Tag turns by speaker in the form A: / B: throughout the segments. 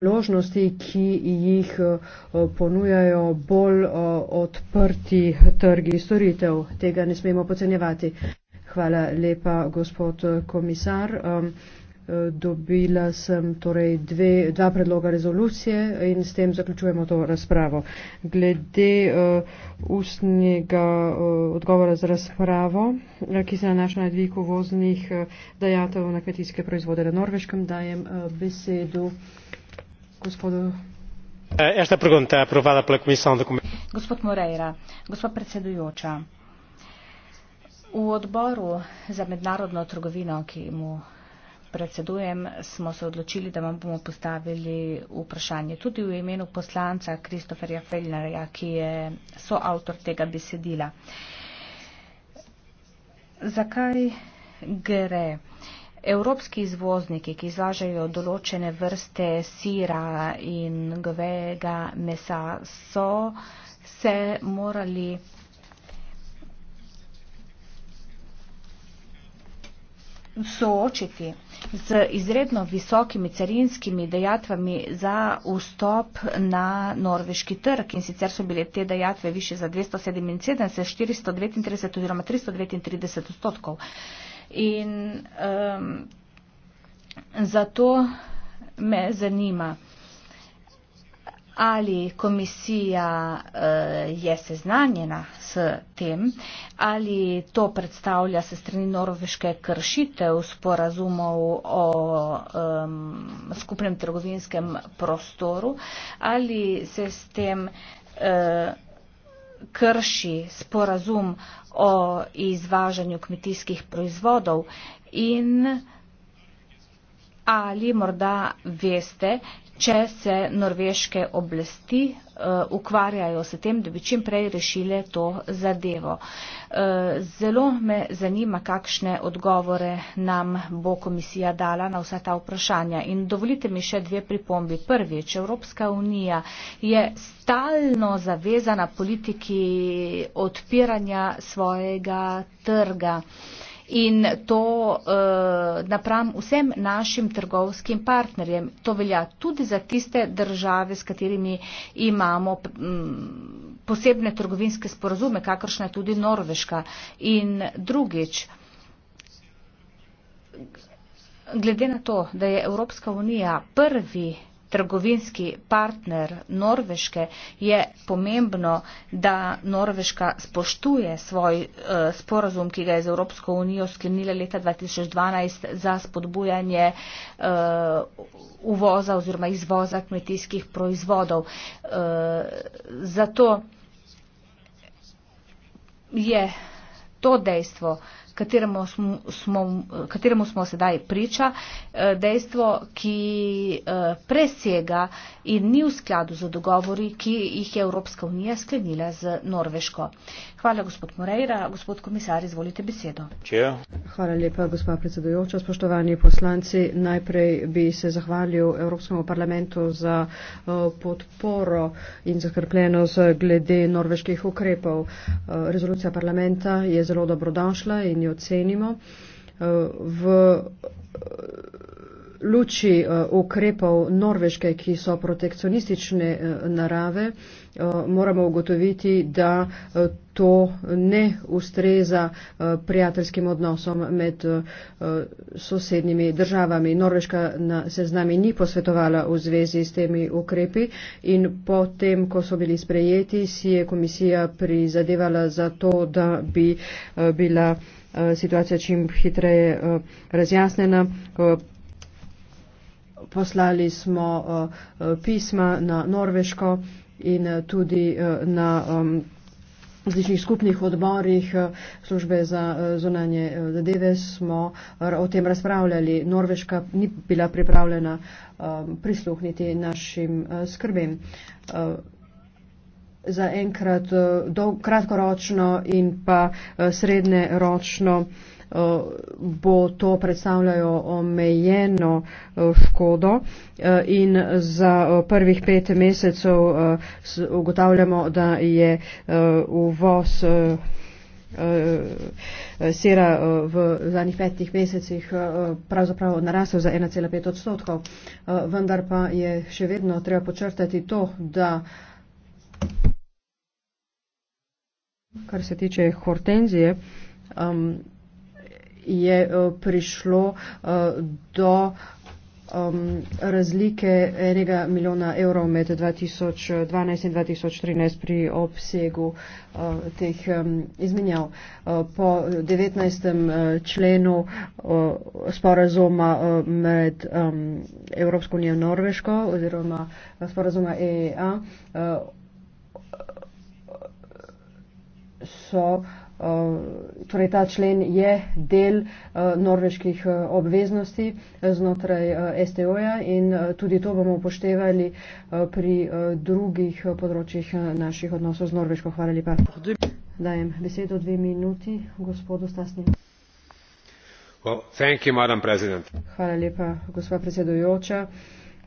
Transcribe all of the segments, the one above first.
A: priložnosti, ki jih eh, ponujajo bolj eh, odprti trgi storitev. Tega ne smemo pocenjevati. Hvala lepa, gospod eh, komisar. Dobila sem torej dve, dva predloga rezolucije in s tem zaključujemo to razpravo. Glede uh, ustnega uh, odgovora za razpravo, ki se nanaša na dvig uvoznih uh, dajatev na kmetijske proizvode na Norveškem, dajem uh, besedu uh, Eh, gospod moreira
B: gospa predsedujoča v odboru za mednarodno trgovino ki mu predsedujem smo se odločili da vam bomo postavili vprašanje tudi v imenu poslanca kristoferja fellnerja ki je soavtor tega besedila zakaj gre za Evropski izvozniki, ki izlažajo določene vrste sira in govejega mesa, so se morali soočiti z izredno visokimi carinskimi dejatvami za vstop na norveški trg. In sicer so bile te dejatve više za 277, 439 oziroma 339 odstotkov. In um, zato me zanima, ali komisija uh, je seznanjena s tem, ali to predstavlja se strani norveške kršitev sporazumov o um, skupnem trgovinskem prostoru, ali se s tem. Uh, krši sporazum o izvažanju kmetijskih proizvodov in ali morda veste, če se norveške oblasti uh, ukvarjajo s tem, da bi čim prej rešile to zadevo. Uh, zelo me zanima, kakšne odgovore nam bo komisija dala na vsa ta vprašanja. In dovolite mi še dve pripombi. Prvič, Evropska unija je stalno zavezana politiki odpiranja svojega trga. Uh, in to uh, napram vsem našim trgovskim partnerjem. To velja tudi za tiste države, s katerimi imamo um, posebne trgovinske sporozume, kakršna je tudi Norveška. In drugič, glede na to, da je Evropska unija prvi trgovinski partner Norveške, je pomembno, da Norveška spoštuje svoj eh, sporazum, ki ga je z Evropsko unijo sklenila leta 2012 za spodbujanje eh, uvoza oziroma izvoza kmetijskih proizvodov. Eh, zato je to dejstvo, kateremu smo, smo, kateremu smo sedaj priča, eh, dejstvo, ki eh, presega in ni v skladu z dogovori, ki jih je Evropska unija sklenila z Norveško. Hvala, gospod Moreira. Gospod komisar, izvolite besedo.
A: Čejo. Hvala lepa, gospa predsedujoča. Spoštovani poslanci, najprej bi se zahvalil Evropskemu parlamentu za eh, podporo in zakrpljenost glede norveških ukrepov. Rezolucija parlamenta je zelo dobrodošla in jo ocenimo. Eh, v eh, luči eh, ukrepov norveške, ki so protekcionistične narave, moramo ugotoviti, da to ne ustreza prijateljskim odnosom med sosednjimi državami. Norveška se z nami ni posvetovala v zvezi s temi ukrepi in potem, ko so bili sprejeti, si je komisija prizadevala za to, da bi bila Eh, situacija čim hitreje eh, razjasnjena. Eh, poslali smo pisma na Norveško in tudi na različnih skupnih odborih službe za zunanje zadeve smo o tem razpravljali. Norveška ni bila pripravljena prisluhniti našim skrbim za enkrat eh, dolg, kratkoročno in pa eh, srednje ročno eh, bo to predstavljajo omejeno škodo in za prvih pet mesecev ugotavljamo, da je uvoz sera v zadnjih petih mesecih pravzaprav narasel za 1,5 odstotkov, vendar pa je še vedno treba počrtati to, da Kar se tiče hortenzije, um, je uh, prišlo uh, do um, razlike enega milijona evrov med 2012 in 2013 pri obsegu uh, teh um, izmenjav. Uh, po 19. Uh, členu uh, sporazuma uh, med um, Evropsko unijo in Norveško oziroma uh, sporazuma EEA. Uh, so, eh, torej ta člen je del eh, norveških eh, obveznosti znotraj STO-ja in tudi to bomo upoštevali pri drugih področjih naših odnosov z Norveško. Hvala lepa. Dajem besedo dve minuti gospodu Stasnju. Well, Hvala lepa, gospa predsedujoča.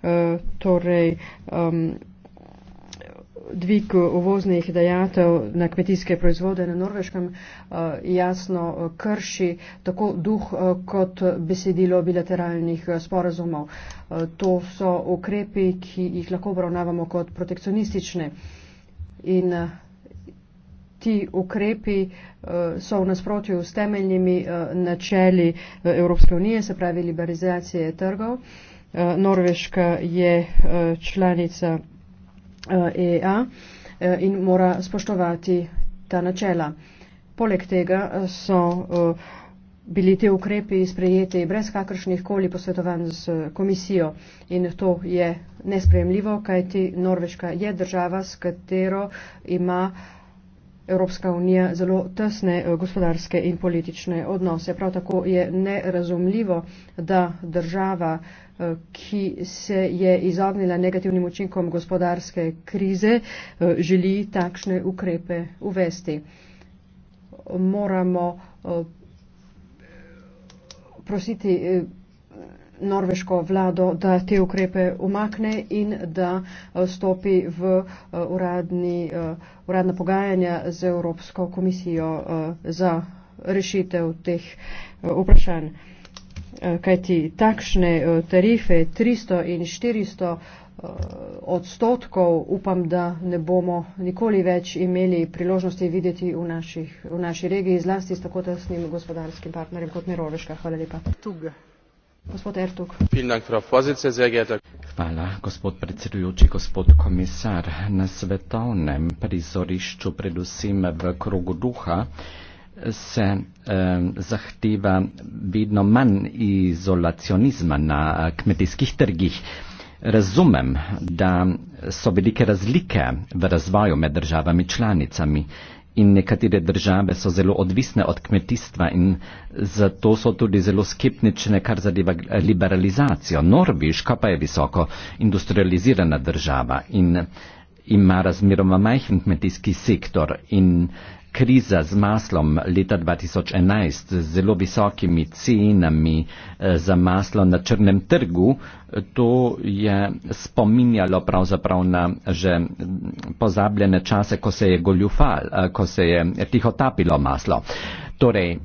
A: Uh, torej, um, dvig uvoznih dajatev na kmetijske proizvode na Norveškem eh, jasno eh, krši tako duh eh, kot besedilo bilateralnih sporazumov. To so ukrepi, ki jih lahko obravnavamo kot protekcionistične. In ti ukrepi so v nasprotju s temeljnimi načeli Evropske unije, se pravi liberalizacije trgov. Norveška je članica EA eh, e eh, in mora spoštovati ta načela. Poleg tega eh, so bili te ukrepi sprejeti brez kakršnih koli posvetovanj z komisijo in to je nesprejemljivo, kajti Norveška je država, s katero ima uh, Evropska unija zelo tesne eh, gospodarske in politične odnose. Prav tako je nerazumljivo, da država, eh, ki se je izognila negativnim učinkom gospodarske krize, eh, želi takšne ukrepe uvesti. Moramo prositi norveško vlado, da te ukrepe umakne in da eh, stopi v eh, uradni, eh, uradna pogajanja z Evropsko komisijo za rešitev teh vprašanj. Kajti takšne tarife 300 in 400 odstotkov upam, da ne bomo nikoli več imeli priložnosti videti v, naših, v naši regiji, zlasti s tako tesnim gospodarskim partnerjem kot Neroveška. Hvala lepa. Tuga.
C: Hvala, gospod predsedujoči, gospod komisar. Na svetovnem prizorišču, predvsem v krogu duha, se eh, zahteva vedno manj izolacionizma na eh, kmetijskih trgih. Razumem, da so velike razlike v razvoju med državami članicami in nekatere države so zelo odvisne od kmetijstva in zato so tudi zelo skeptične, kar zadeva liberalizacijo. Norveška pa je visoko industrializirana država in ima razmeroma majhen kmetijski sektor in kriza z maslom leta 2011, z zelo visokimi cenami eh, za maslo na črnem trgu, eh, to je spominjalo pravzaprav na že pozabljene čase, ko se je goljufal, eh, ko se je tihotapilo maslo. Torej,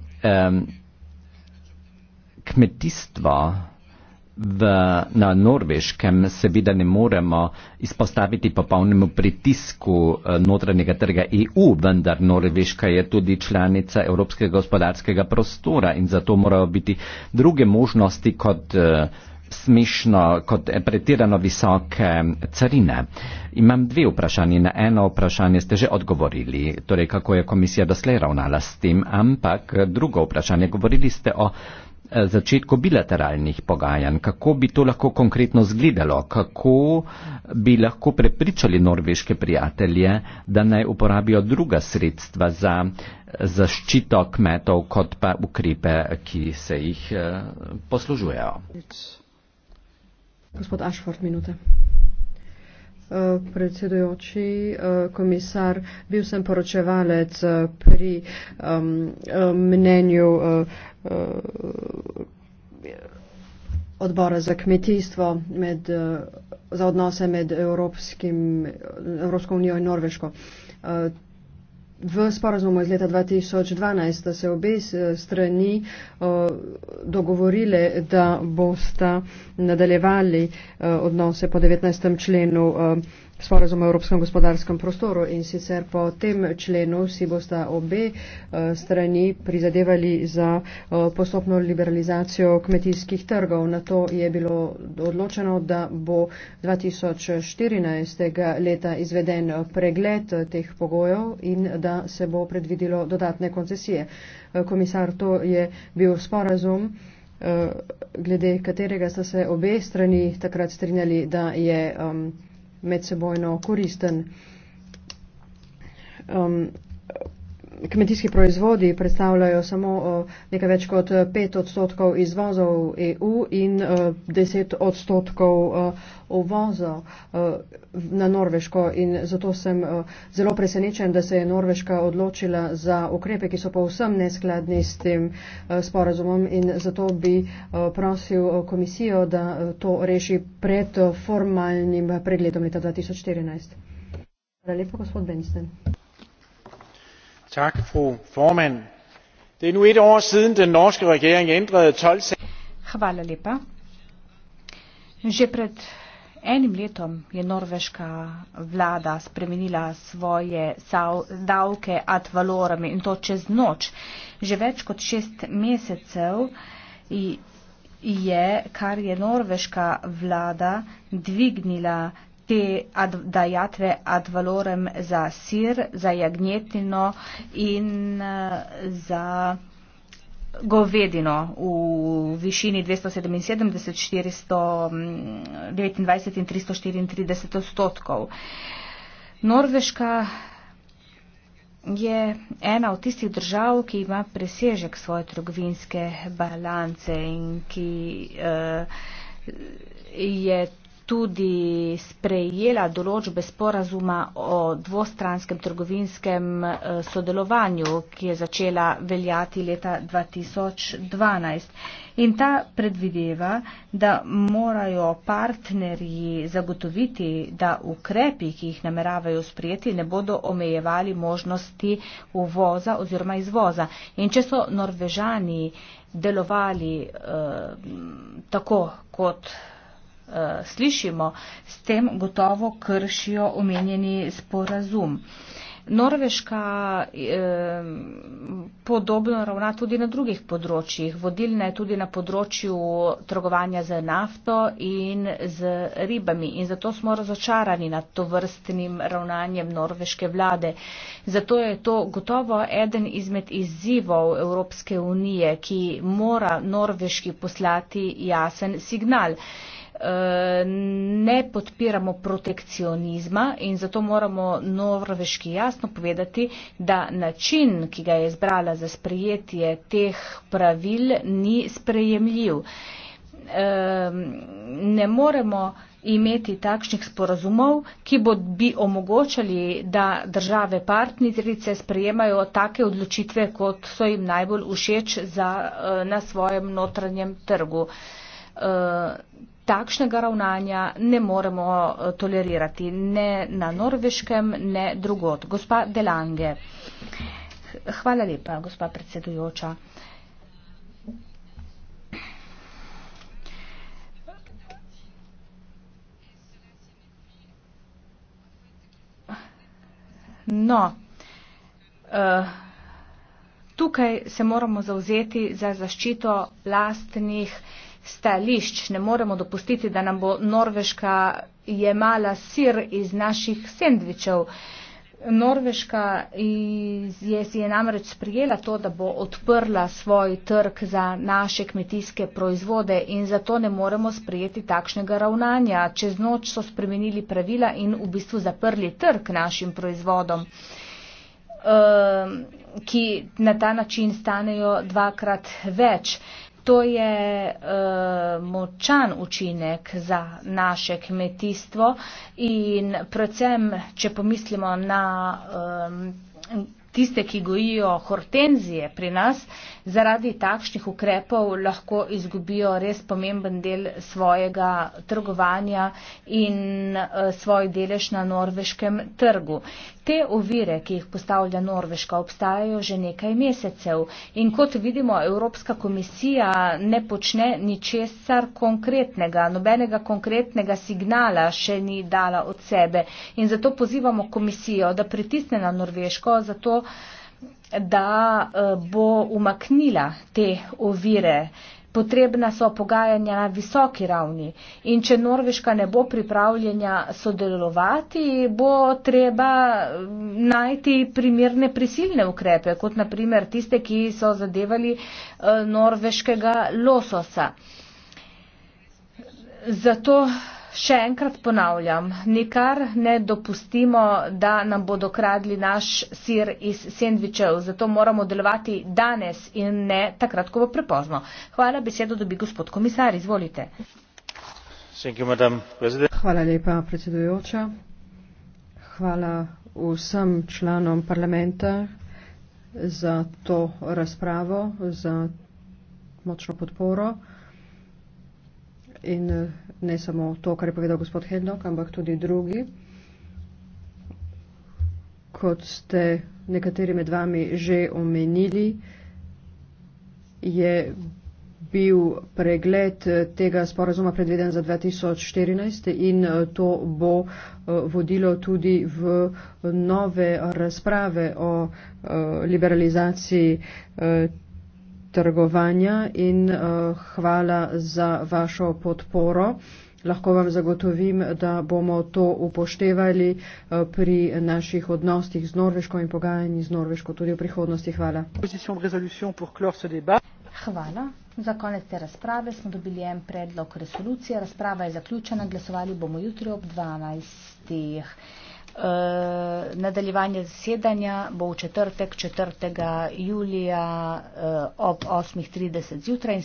C: kmetijstvo v, na norveškem seveda ne moremo izpostaviti popolnemu pritisku eh, notranjega trga EU, vendar norveška je tudi članica Evropskega gospodarskega prostora in zato morajo biti druge možnosti kot eh, smešno, kot eh, pretirano visoke carine. Imam dve vprašanje. Na eno vprašanje ste že odgovorili, torej kako je komisija doslej ravnala s tem, ampak drugo vprašanje. Govorili ste o Eh, začetku bilateralnih pogajanj, kako bi to lahko konkretno zgledalo, kako bi lahko prepričali norveške prijatelje, da naj uporabijo druga sredstva za eh, zaščito kmetov, kot pa ukrepe, ki se jih eh, poslužujejo.
A: Gospod Ašford, minute. Eh, predsedujoči, eh, komisar, bil sem poročevalec eh, pri um, mnenju uh, odbora za kmetijstvo med, uh, za odnose med Evropskim, Evropsko unijo in Norveško. Uh, V sporazumu iz leta 2012 sta se obe eh, strani eh, dogovorili, da bosta nadaljevali eh, odnose po 19. členu sporazum o evropskem gospodarskem prostoru in sicer po tem členu si bosta obe eh, strani prizadevali za eh, postopno liberalizacijo kmetijskih trgov. Na to je bilo odločeno, da bo 2014. leta izveden pregled teh pogojev in da se bo predvidilo dodatne koncesije. Eh, komisar, to je bil sporazum glede katerega sta se obe strani takrat strinjali, da je um, medsebojno koristen. Um, kmetijski proizvodi predstavljajo samo nekaj več kot 5 eh, odstotkov izvozov EU in 10 eh, odstotkov eh, uvoza na Norveško. In zato sem zelo presenečen, da se je Norveška odločila za ukrepe, ki so povsem neskladni s tem sporazumom. In zato bi prosil komisijo, da to reši pred formalnim pregledom leta 2014. Hvala lepa, gospod Benisten
C: tak fru formand det er nu et år siden den norske regering ændrede toldsatsen
B: Že pred enim letom je norveška vlada spremenila svoje davke ad valorem in to čez noč. Že več kot šest mesecev je, kar je norveška vlada dvignila te ad, dajatve ad valorem za sir, za jagnjetino in eh, za govedino v višini 277, 429 mm, in 334 odstotkov. Norveška je ena od tistih držav, ki ima presežek svoje trgovinske balance in ki uh, je tudi sprejela določbe sporazuma o dvostranskem trgovinskem eh, sodelovanju, ki je začela veljati leta 2012. In ta predvideva, da morajo partnerji zagotoviti, da ukrepi, ki jih nameravajo sprijeti, ne bodo omejevali možnosti uvoza oziroma izvoza. In če so norvežani delovali eh, tako kot Eh, slišimo, s tem gotovo kršijo omenjeni sporazum. Norveška eh, podobno ravna tudi na drugih področjih. Vodilna je tudi na področju trgovanja z nafto in z ribami. In zato smo razočarani nad to vrstnim ravnanjem norveške vlade. Zato je to gotovo eden izmed izzivov Evropske unije, ki mora norveški poslati jasen signal ne podpiramo protekcionizma in zato moramo norveški jasno povedati, da način, ki ga je izbrala za sprejetje teh pravil, ni sprejemljiv. Ehm, ne moremo imeti takšnih sporazumov, ki bi omogočali, da države partnerice sprejemajo take odločitve, kot so jim najbolj všeč za, eh, na svojem notranjem trgu. Ehm, takšnega ravnanja ne moremo eh, tolerirati, ne na norveškem, ne drugot. Gospa Delange. Hvala lepa, gospa predsedujoča. No, eh, tukaj se moramo zauzeti za zaščito lastnih stališč. Ne moremo dopustiti, da nam bo Norveška jemala sir iz naših sendvičev. Norveška je, je namreč sprijela to, da bo odprla svoj trg za naše kmetijske proizvode in zato ne moremo sprijeti takšnega ravnanja. Čez noč so spremenili pravila in v bistvu zaprli trg našim proizvodom, ehm, ki na ta način stanejo dvakrat več. To je uh, močan učinek za naše kmetijstvo in predvsem, če pomislimo na um, tiste, ki gojijo hortenzije pri nas, zaradi takšnih ukrepov lahko izgubijo res pomemben del svojega trgovanja in uh, svoj delež na norveškem trgu. Te ovire, ki jih postavlja Norveška, obstajajo že nekaj mesecev in kot vidimo, Evropska komisija ne počne ničesar konkretnega, nobenega konkretnega signala še ni dala od sebe in zato pozivamo komisijo, da pritisne na Norveško zato, da eh, bo umaknila te ovire Potrebna so pogajanja na visoki ravni in če Norveška ne bo pripravljena sodelovati, bo treba mm, najti primerne prisilne ukrepe, kot naprimer tiste, ki so zadevali eh, norveškega lososa. Zato Še enkrat ponavljam, nikar ne dopustimo, da nam bodo kradli naš sir iz sendvičev, zato moramo delovati danes in ne takrat, ko bo prepozno. Hvala, besedo dobi
A: gospod komisar, izvolite. You, Hvala lepa, predsedujoča. Hvala vsem članom parlamenta za to razpravo, za močno podporo in eh, ne samo to, kar je povedal gospod Hednok, ampak tudi drugi, kot ste nekateri med vami že omenili, je bil pregled eh, tega sporazuma predveden za 2014 in eh, to bo vodilo tudi v nove razprave o liberalizaciji trgovanja in eh, hvala za vašo podporo. Lahko vam zagotovim, da bomo to upoštevali eh, pri naših odnostih z Norveško in pogajanji z Norveško tudi v prihodnosti. Hvala. Hvala.
B: Za konec te razprave smo dobili en predlog resolucije. Razprava je zaključena. Glasovali bomo jutri ob 12. Eh, nadaljevanje zasedanja bo v četrtek 4. julija eh, ob 8.30 zjutraj.